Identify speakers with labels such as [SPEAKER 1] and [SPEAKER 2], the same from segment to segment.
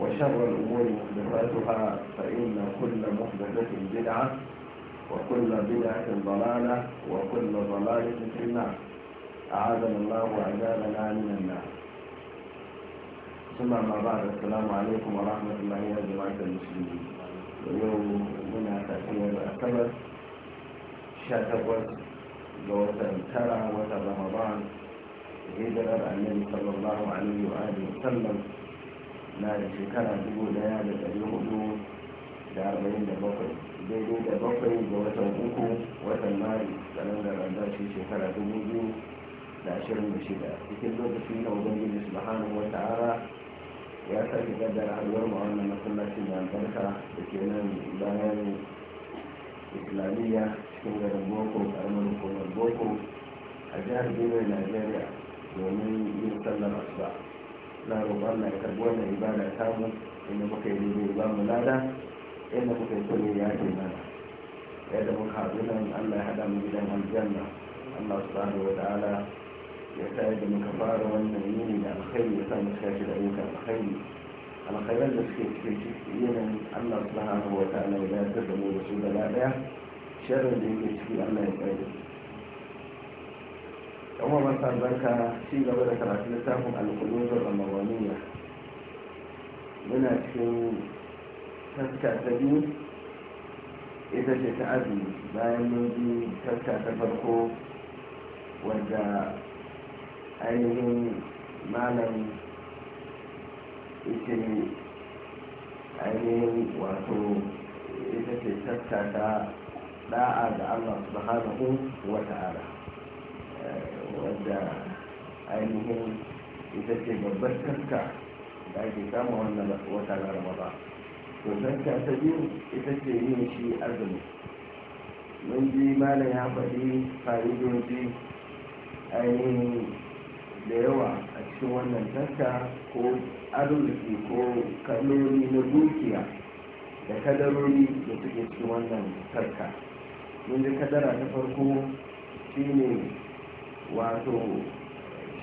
[SPEAKER 1] وشر الأمور محدثاتها فإن كل محدثة بدعة وكل بدعة ضلالة وكل ضلالة في النار أعاذنا الله وعذابنا من النار ثم ما بعد السلام عليكم ورحمة الله يا جماعة المسلمين اليوم هنا تأتينا الأكبر شاتبوت جوة ترى وتر رمضان هجرة النبي صلى الله عليه وآله وسلم na da shekara dubu daya da dari hudu da arba'in da bakwai daidai da bakwai ga watan uku watan mari kalandar albashi shekara dubu biyu da ashirin da shida cikin lokacin na ubangiji subhanahu wa ta'ala ya sake gaddara haduwar mu a wannan masallacin da albarka da ke nan bayan islamiyya cikin garin boko karamar hukumar boko a jihar benue nigeria domin yin sallar asuba na roƙon Allah ya karbi wannan ibada ta mu inda muka yi ne ba mu lada inda muka yi kone ya ce mana yadda muka haɗu nan Allah ya haɗa mu gidan aljanna Allah subhanahu wa ta'ala ya sa yadda muka fara wannan yini da alkhairi ya sa mu shi da ayyukan alkhairi alkhairan da suke cikin ciki yanayin Allah subhanahu wa ta'ala ya da mu da su da lada sharrin da yake ciki Allah ya tsaye yan wawan sanzanka ci gaba da karatu littafin alkulozar mawaniya muna cikin taska ta biyu ita ce ta abu bayan mun taska ta farko wadda ainihin malam ita ainihin wato ita ce taska ta da'a da allah subhanahu wa ta'ala wadda ainihin ita ce babbar taska da ake kama wannan wata na ba to taska ta biyu ita ce yin shi azumi mun ji malam ya faɗi fa'idoji ainihin da yawa a cikin wannan tarka ko arziki ko kaloli na dukiya da kadarori da suke cikin wannan tarka mun ji kadara ta farko shi ne. wato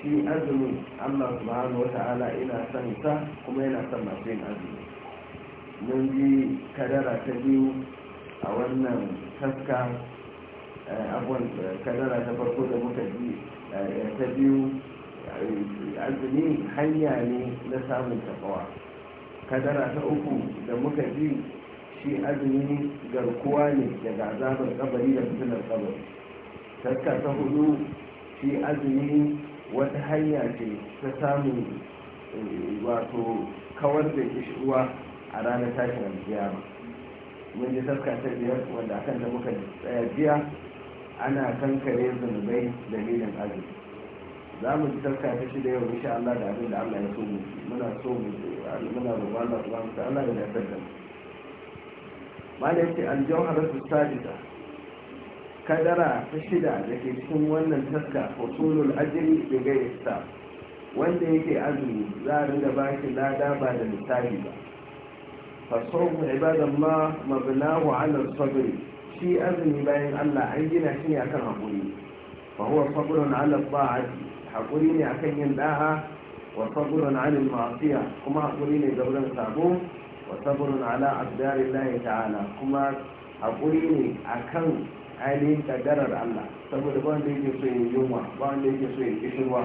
[SPEAKER 1] shi azumin allah subhanahu wata'ala ina son sa kuma yana son masu yin azumi mun ji kadara ta biyu a wannan taska eh, abuwan eh, kadara ta farko da muka ji eh, ta biyu azumi hanya ne na samun tafawa kadara ta uku da muka ji shi azumi garkuwa ne daga azabar kabari da fitinar kabari taska ta hudu shi azumi wata hanya ce ta samun eh, wato kawar da ishuwa a ranar tashin ba mun ji saska ta biyar wanda akan da muka tsaya jiya ana kankare zunubai dalilin azumi za mu ji saska ta shida yau insha Allah da abin da Allah ya so mu muna so mu muna roƙon Allah subhanahu wa ta'ala ya dace da mu malai ce aljawharatu sajida kadara ta shida da ke cikin wannan taska usulul ajri bi ghairi wanda yake azumi za a rinda ba shi lada ba da misali ba fasawun ibadan ma mabnahu ala sabr shi azumi bayan Allah an gina shi ne akan hakuri fa huwa sabrun ala ta'ati hakuri ne akan yin da'a wa sabrun ala ma'siya kuma hakuri ne ga wurin sabo wa sabrun ala aqdarillahi ta'ala kuma hakuri ne akan ainihin kaddarar Allah saboda ba wanda yake so ya yunwa ba wanda yake so ya kishirwa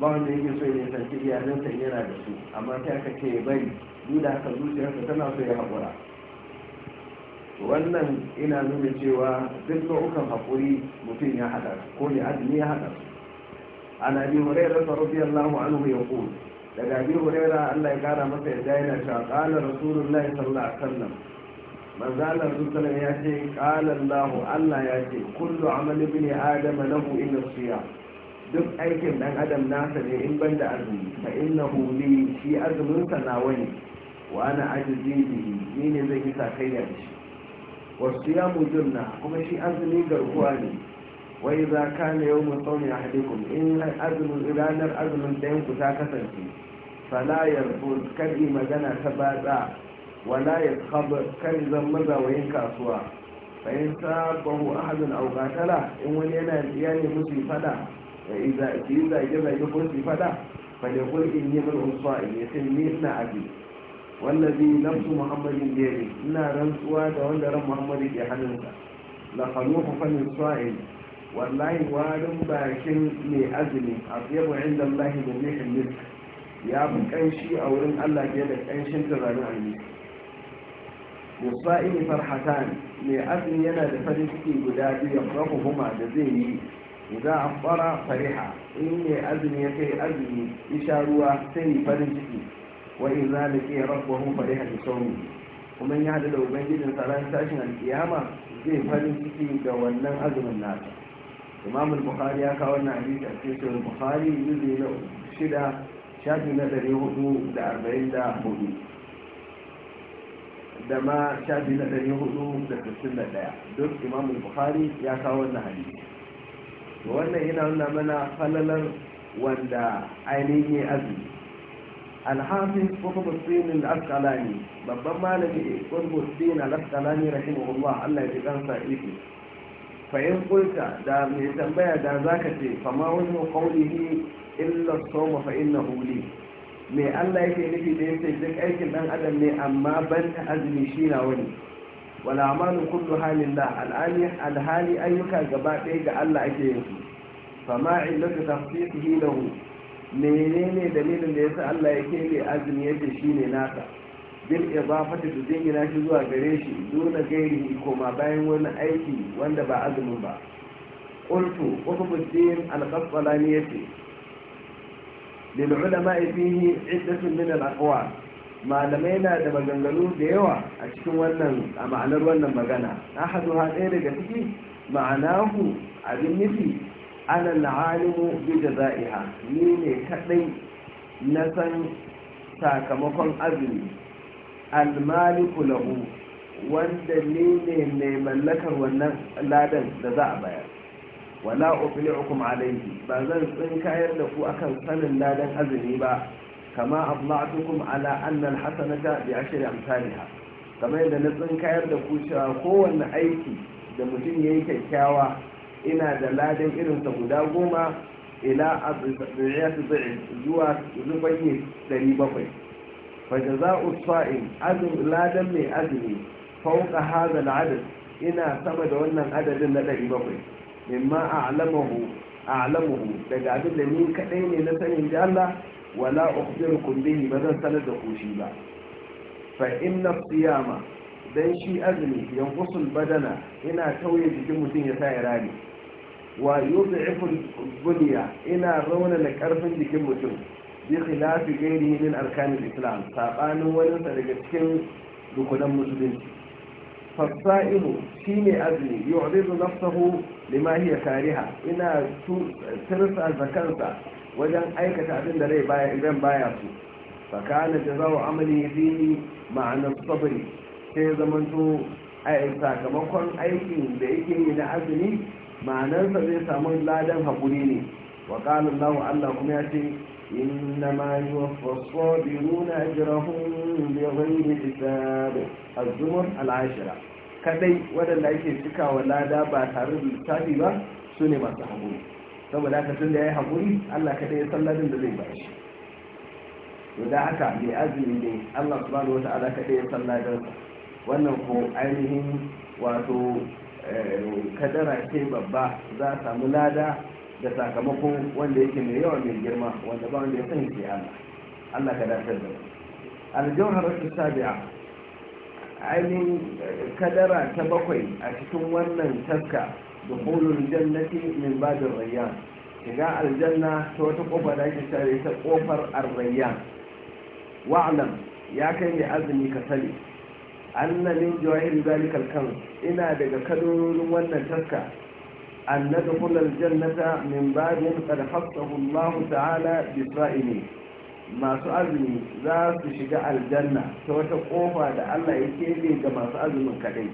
[SPEAKER 1] ba wanda yake so ya nisanci iyalinsa yana da su amma ta aka ce ya bari duk da haka zuciyarsa tana so ya haƙura wannan ina nuna cewa duk nau'ukan haƙuri mutum ya haɗa ko ne azumi ya haɗa an abi hurairah radiyallahu anhu yaqul daga abi hurairah Allah ya kara masa yadda yana cewa qala rasulullahi sallallahu alaihi wasallam manzalar zutar ya ce ƙalan allah ya ce kullu amal bin adam lahu illa siya duk aikin dan adam nasa ne in ban da azumi fa innahu li shi azumin sa nawa ne wa ana ajzi bihi ni ne zai isa kai da shi wa siyamu junna kuma shi azumi garkuwa ne wa idza kana yawmu sawmi ahadikum in azumin ranar azumin dayan ku ta kasance fala yarfur kar magana ta batsa wala ya kaba kan zan mazawayin kasuwa bayan sabahu ahadin aukatala? in wani yana ya ne musu fada idza ki zage zage ko su fada fa da kul in yi min usfa in ni ina abi wallazi nafsu muhammadin yadi ina rantsuwa da wanda ran muhammadi ke hannunsa la khaluqu fa min sa'il wallahi warin bakin mai azumi a tsayabu inda Allah da mihin ya fi kanshi a wurin Allah fiye da kanshin turare a musa'ini farhatan mai azumi yana da farin ciki guda biyu rahu huma da zai yi za a fara fariha in mai azumi ya kai azumi isha ruwa sai yi farin ciki wa in za da ke rabuwa fariha da sauri kuma ya da ubangijin tsaron tashin alkiyama zai farin ciki da wannan azumin nasa imam bukhari ya kawo wannan hadisi a cikin bukhari yuzu na shida shafi na ɗari hudu da arba'in da hudu da ma biyu na ɗari hudu da sittin da ɗaya duk imamu bukhari ya kawo wannan hadisi to wannan yana nuna mana falalar wanda ainihin ya azumi alhafiz qutbuddin al babban malami qutbuddin al-asqalani rahimahullah Allah ya ji kansa ifi fa in da mai tambaya da zaka ce fa ma wani qawlihi illa as Mai Allah yake nufi da yake duk aikin dan adam ne amma ban ta azumi shi na wani wala amalu kullu halin la al'ali alhali ayyuka gaba ɗaya ga Allah ake yin su fa ma illatu lahu menene dalilin da yasa Allah yake ne azumi yake shine nasa bil idafati da jingina shi zuwa gare shi dole gairi koma bayan wani aiki wanda ba azumi ba qultu qutbu al-qasbalani yace للعلماء فيه عدة من الأقوال malamai na da maganganu da yawa a cikin wannan a ma'anar wannan magana Na ha ɗaya daga ciki ma'anahu abin nufi ana al'alimu bi jaza'iha ni ne kaɗai na san sakamakon azumi almaliku lahu wanda ni ne mai mallakar wannan ladan da za a bayar wala ukhli'ukum alayhi ba zan tsinkayar da ku akan sanin ladan azumi ba kama abla'tukum ala anna alhasanata bi ashri amsalha kamar yadda na tsinkayar da ku cewa kowanne aiki da mutum yayi kyakkyawa ina da ladan irin sa guda goma ila azriyat bi'i zuwa zubayi 700 fa jaza'u sa'im azum ladan mai azumi fawqa hadha al'adad ina sama da wannan adadin na bakwai. mimma a'lamahu a'lamuhu daga abin da ni kadai ne na sanin da Allah wala ukhbirukum bihi ba zan sanar da ku shi ba fa inna siyama dan shi azumi yanqusul badana ina tauye jikin mutum ya sa ya rani wa yud'ifu bunya ina rauna da karfin jikin mutum bi khilafi ghairihi min arkanil islam sabanin wani daga cikin rukunan musulunci fasa'ilu shine azumi yu'ridu nafsahu lima hiya kariha ina tirsa zakansa wajen aikata abin da rai baya idan baya su fakana jazaa'u amali fihi ma'ana sai zamanto ai sakamakon aikin da yake yi na azumi ma'anarsa zai samu ladan haƙuri ne wa Allah Allah kuma ya ce إنما يوفى الصابرون أجرهم بغير حساب الزمر العاشرة kadai waɗanda ake cika lada ba tare da lissafi ba su ne masu haƙuri saboda haka tun da ya allah kadai ya san ladin da zai ba shi to da haka mai azumi ne allah subhanahu wa ta'ala kadai ya san ladarsa wannan ko ainihin wato kadara babba za a samu lada da sakamakon wanda yake mai yawa mai girma wanda ba wanda ya sani ke Allah Allah ka dace da ta sabi'a ainihin eh, kadara ta bakwai a cikin wannan taska da hulun jannati min bajin rayyan shiga aljanna ta wata kofa da ake share ta kofar arrayyan wa'alam ya kai mai azumi ka sani anna min jawahir zalikal kan ina daga kadorin wannan taska أن ندخل الجنة من باب قد خصه الله تعالى بإسرائيل ما سألني ذات شجاع الجنة توتقوها لألا يكيدي كما سألني كدي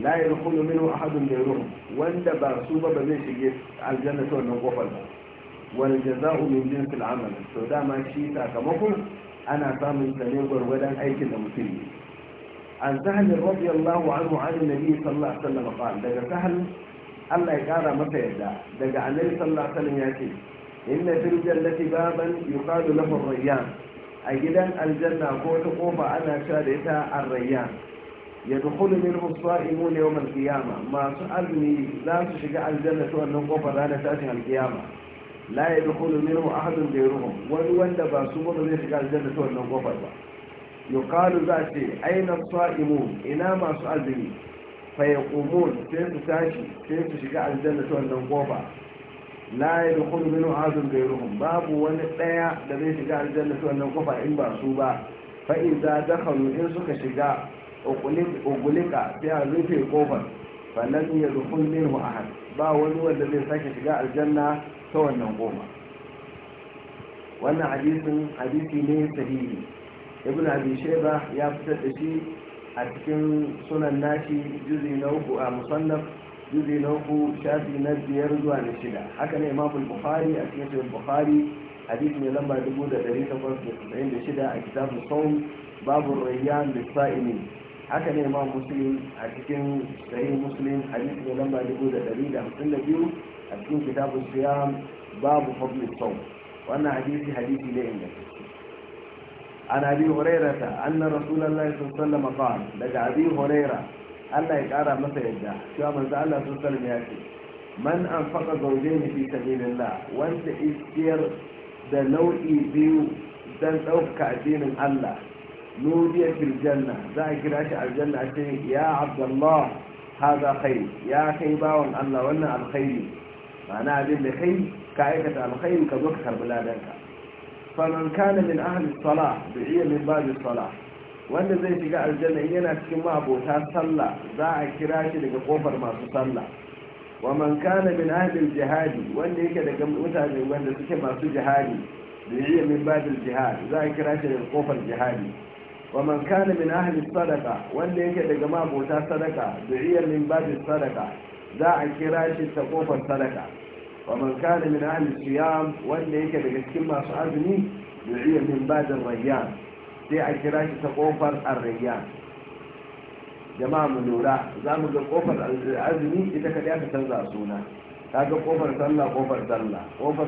[SPEAKER 1] لا يدخل منه أحد غيرهم وند بارسوبة بمن شجاع الجنة ونقوها والجزاء من جنس العمل سودا ما شيتا كمكم أنا سامن سنين غرغدا أيكي لمسلمين عن سهل رضي الله عنه عن النبي صلى الله عليه وسلم قال لك سهل Allah ya kara masa yadda daga annabi sallallahu alaihi ya ce inna fil jannati baban yuqalu lahu ar-rayyan a gidan aljanna ko ta kofa ana cewa da ita ar-rayyan yadkhulu minhu as-sa'imun yawm al-qiyamah masu azumi za su shiga aljanna ta wannan kofar ranar tashin al-qiyama la yadkhulu minhu ahadun ghayruhum wani wanda ba su ba zai shiga aljanna ta wannan kofar ba yuqalu za ce aina as-sa'imun ina masu azumi fayaqumun sai su tashi sai su shiga aljanna ta wannan kofa la yadkhulu minhu ahadun ghayruhum babu wani ɗaya da zai shiga aljanna ta wannan kofa in ba su ba za idza dakhalu in suka shiga ugulika sai a rufe kofar ya lam yadkhul minhu ahad ba wani wanda zai sake shiga aljanna ta wannan goma wannan hadisin hadisi ne sahihi ibn abi ya fitar da shi a cikin sunan nashi juzi na uku a musannaf juzi na uku shafi na biyar zuwa na shida haka ne imam bukhari a cikin sunan bukhari hadisi ne lamba 1896 a kitabun sawm babu rayyan lisa'ilin haka ne imam muslim a cikin sahih muslim hadisi ne lamba 152 a cikin kitabun siyam babu fadl sawm wannan hadisi hadisi ne ingantacce an abi horerata an na rasulallah sun sallama ƙawar daga abi horera allah ya ƙara masa yadda shi wa allah sun sallama ya ce man an faɗa zaune ne fi sabilinla wanda iskiyar da nau'i biyu dan ɗaukaka addinin allah nubiya firjanna za a kira shi aljanna a ce ya abdullah haza kai ya kai bawan allah wannan alkhairi ma'ana abin da kai ka aikata alkhairi ka zo ka karɓi ladarka. famin kana min ahalin sala da iya min babin sala wanda zai shiga aljanna yana cikin ma'abota sallah za a kira shi daga kofar masu sallah wa man kana min ahalin jihadi wanda yake daga mutane wanda suke masu jihadi da iya min babin Jihad, za a kira shi daga kofar jihadi wa man kana min ahalin Sadaqa, wanda yake daga ma'abota Sadaqa, da iya min babin Sadaqa, za a kira shi ta kofar Sadaqa. wa man kana min ahli siyam wanda yake daga cikin masu azumi yu'iya min da rayyan sai a kira shi ta kofar ar-rayyan mu lura za mu ga kofar azumi ita kadai aka canza suna kaga kofar sallah kofar sallah kofar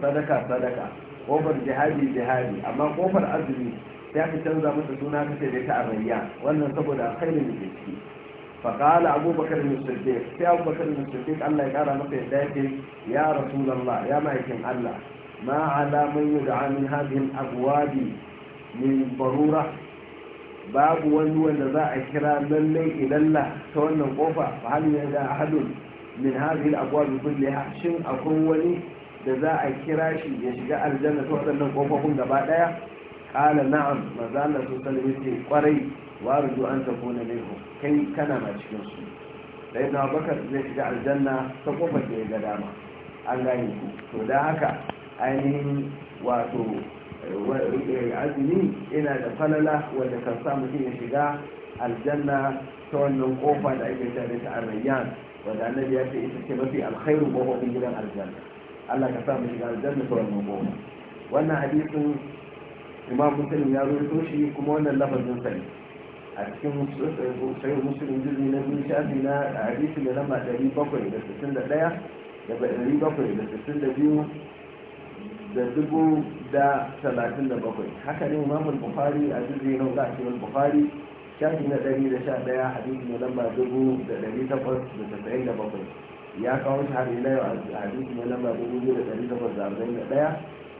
[SPEAKER 1] sadaka sadaka kofar jihadi jihadi amma kofar azumi sai aka canza masa suna kace da ta arayya wannan saboda alkhairin da ke ciki فقال أبو بكر بن الصديق في أبو بكر بن الصديق الله يقال مطيع ذاتي يا رسول الله يا مايكم الله ما على من يدعى من هذه الأبواب من ضرورة باب ولو ذا أكرا للي إلى الله تولى القوفة فهل يدعى أحد من هذه الأبواب كلها شن أكون ولي da za a kira shi ya shiga aljanna ta waɗannan ƙofofin gaba ɗaya qala na'am maza Allah su sallame ce kwarai wa arju an takuna minhu kai kana ma cikin su dai na bakar zai shiga aljanna ta kofar da ya ga dama an gane ku to da haka ainihin wato eh, azumi ina da falala wanda kan sa mutum ya shiga aljanna ta wannan kofa da ake tare ta arrayyan wanda annabi ya ce ita ce mafi alkhairu kofofin gidan aljanna Allah ka sa mu shiga aljanna ta wannan kofa wannan hadisin imam muslim ya rubuto shi kuma wannan lafazin sa ne a cikin sai muslim jirgi na biyu shafi na hadisi da lamba ɗari bakwai da sittin da ɗaya da ɗari bakwai da sittin da biyu da dubu da talatin da bakwai haka ne imam bukhari a jirgi na wuɗa cikin bukhari shafi na ɗari da sha ɗaya hadisi na lamba dubu da ɗari takwas da tasa'in da bakwai ya kawo shi har ila yau a hadisi na lamba dubu biyu da ɗari takwas da arba'in da ɗaya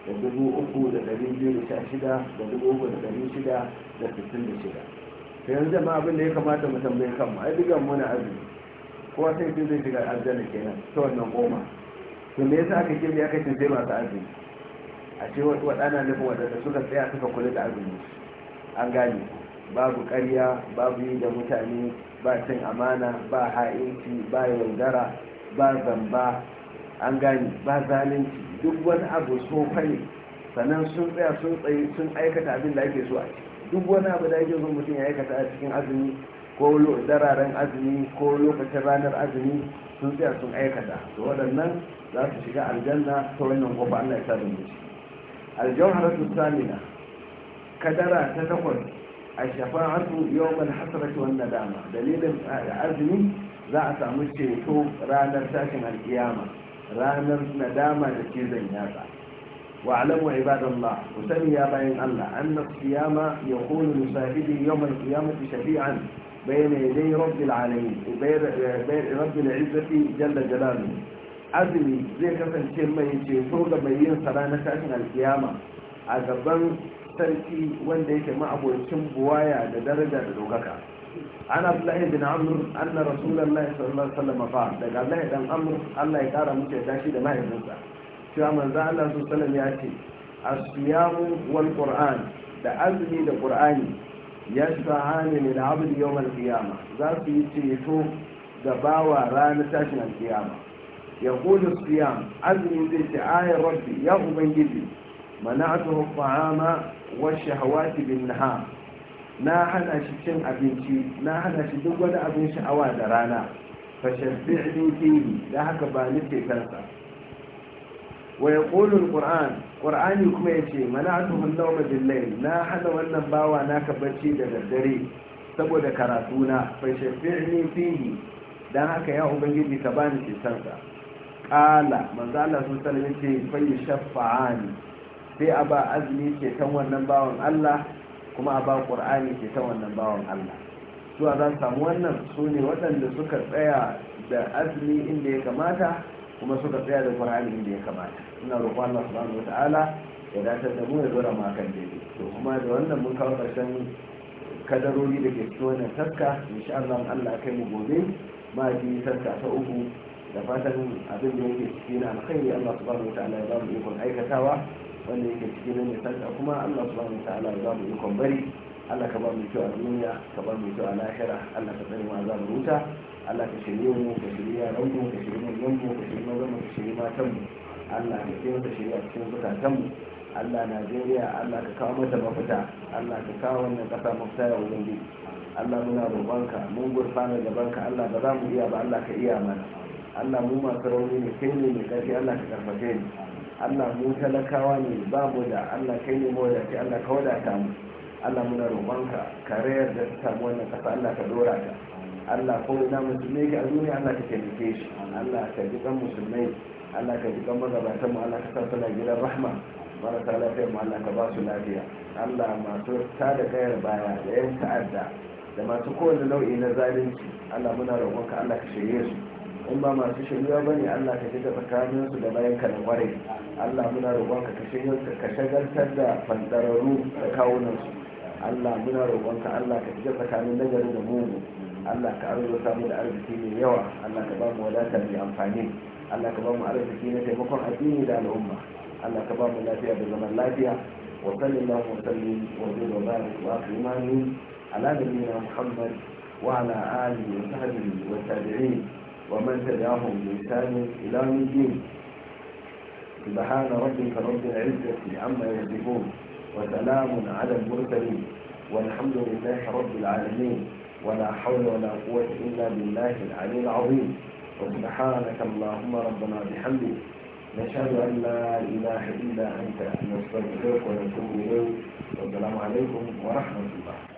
[SPEAKER 1] da dubu uku da dari biyu da sha shida da dubu uku da dari shida da sittin da shida to yanzu jama'a abin da ya kamata mu tambaye kanmu ai dukan muna azumi kowa sai ce zai shiga aljanna kenan ta wannan goma to me yasa aka kirli aka ce sai masu azumi a ce waɗana nufin waɗanda suka tsaya suka kula da azumi an gane babu ƙarya babu yi da mutane ba cin amana ba ha'inci ba yaudara ba zamba an gane ba zalunci duk wani abu tsofa ne sannan sun tsaya sun tsaye sun aikata abin da ake so a duk wani abu da ake so mutum ya aikata a cikin azumi ko dararen azumi ko lokacin ranar azumi sun tsaya sun aikata to waɗannan za su shiga aljanna ta wannan kofa Allah ya sa da mu aljawharatu samina kadara ta takwas a الشفاعة يوم nadama. Dalilin azumi za a samu ceto ranar tashin alkiyama ranar nadama da ke zan yatsa wa alamu ibadallah ku sani ya bayan Allah anna qiyama yakunu li sahibi yawm al-qiyamati shafi'an bayna yaday rabbil alamin bayna rabbil izzati jalla jalaluhu azumi zai kasance mai ceto ga mai yin sara na tashin alkiyama a gaban sarki wanda yake ma'abocin buwaya da daraja da dogaka an abdullahi bin amur anna rasulullahi sallallahu alaihi wasallam fa daga Allah dan amur Allah ya kara musu ya tashi da mahaifinsa cewa manzo Allah sallallahu alaihi ya ce as wal qur'an da azumi da qur'ani yasfahani lil abdi yawm al qiyamah za su yi ceto ga bawa ranar tashin al azumi zai الصيام عزم ذي آية ربي يا أبنجدي منعته الطعام والشهوات بالنهار na hana shi cin abinci na hana shi duk wani abin sha'awa da rana fashin fi'in fihi da haka ba ni kansa wa ya ƙolin ƙur'an ƙur'ani kuma ya ce mana a tuhun nauma na hana wannan bawa na ka bacci da daddare saboda karatuna fashin fi'in fihi da haka ya ubangiji ka bani cetarsa ƙala manzo Allah sun sanar yace yashfa'ani sai a ba azumi kan wannan bawan Allah kuma a ba ƙur'ani ke ta wannan bawan allah zuwa za samu wannan su ne waɗanda suka tsaya da azumi inda ya kamata kuma suka tsaya da ƙur'ani inda ya kamata ina roƙon allah wa ta'ala ya dace da mu ya zura mu kan daidai to kuma da wannan mun kawo ƙarshen kadarori da ke cikin wannan taska insha allah allah kai mu gobe ma ji taska ta uku da fatan abin da yake cikin alkhairi allah subhanahu wa ta'ala ya ba mu ikon aikatawa wanda yake cikin nan ya kuma Allah subhanahu wa ta'ala ya mu ikon bari Allah ka ba mu kyau a duniya ka ba mu kyau a lahira Allah ka tsare mu azabar wuta Allah ka shirye mu ka shirye yaran mu ka shirye manyan mu ka shirye mazan mu ka shirye matan mu Allah ka kiyaye ka shirye a cikin zukatan mu Allah Najeriya Allah ka kawo mata mafita Allah ka kawo wannan kasa mafita ya wajen bi Allah muna roƙonka mun gurfana gabanka Allah ba za mu iya ba Allah ka iya mana Allah mu masu rauni ne kai ne mai ƙarfi Allah ka karfafe ni Allah mu talakawa ne ba mu da Allah kai ne mu da Allah ka wadata mu Allah muna roƙonka ka rayar da ta samu wannan kasa Allah ka dora ta Allah ko na musulmai a azumi Allah ka taimake shi Allah ka ji kan musulmai Allah ka ji kan magabatan mu Allah ka sa suna gidan rahma marasa lafiyar mu Allah ka ba su lafiya Allah masu ta da kayar baya da yan ta'adda da masu kowane nau'i na zalunci Allah muna roƙonka Allah ka shirye su in ba masu shirya ba ne allah ka shiga su da bayan ka na kwarai allah muna roƙonka ka shagaltar da fantararru da kawunan su allah muna roƙonka allah ka shiga tsakanin nagari da mugu allah ka arzuta mu da arziki mai yawa allah ka ba mu wadata mai amfani allah ka ba mu arziki na taimakon addini da al'umma allah ka ba mu lafiya da zaman lafiya wa sallallahu wa sallim wa zai wa barik wa akrimani ala nabiyina muhammad وعلى آله وصحبه والتابعين ومن تبعهم بإنسان إلى الدين سبحان ربك رب العزة عما يصفون وسلام على المرسلين والحمد لله رب العالمين ولا حول ولا قوة إلا بالله العلي العظيم وسبحانك اللهم ربنا بحمدك نشهد أن لا إله إلا أنت نستغفرك ونتوب إليك والسلام عليكم ورحمة الله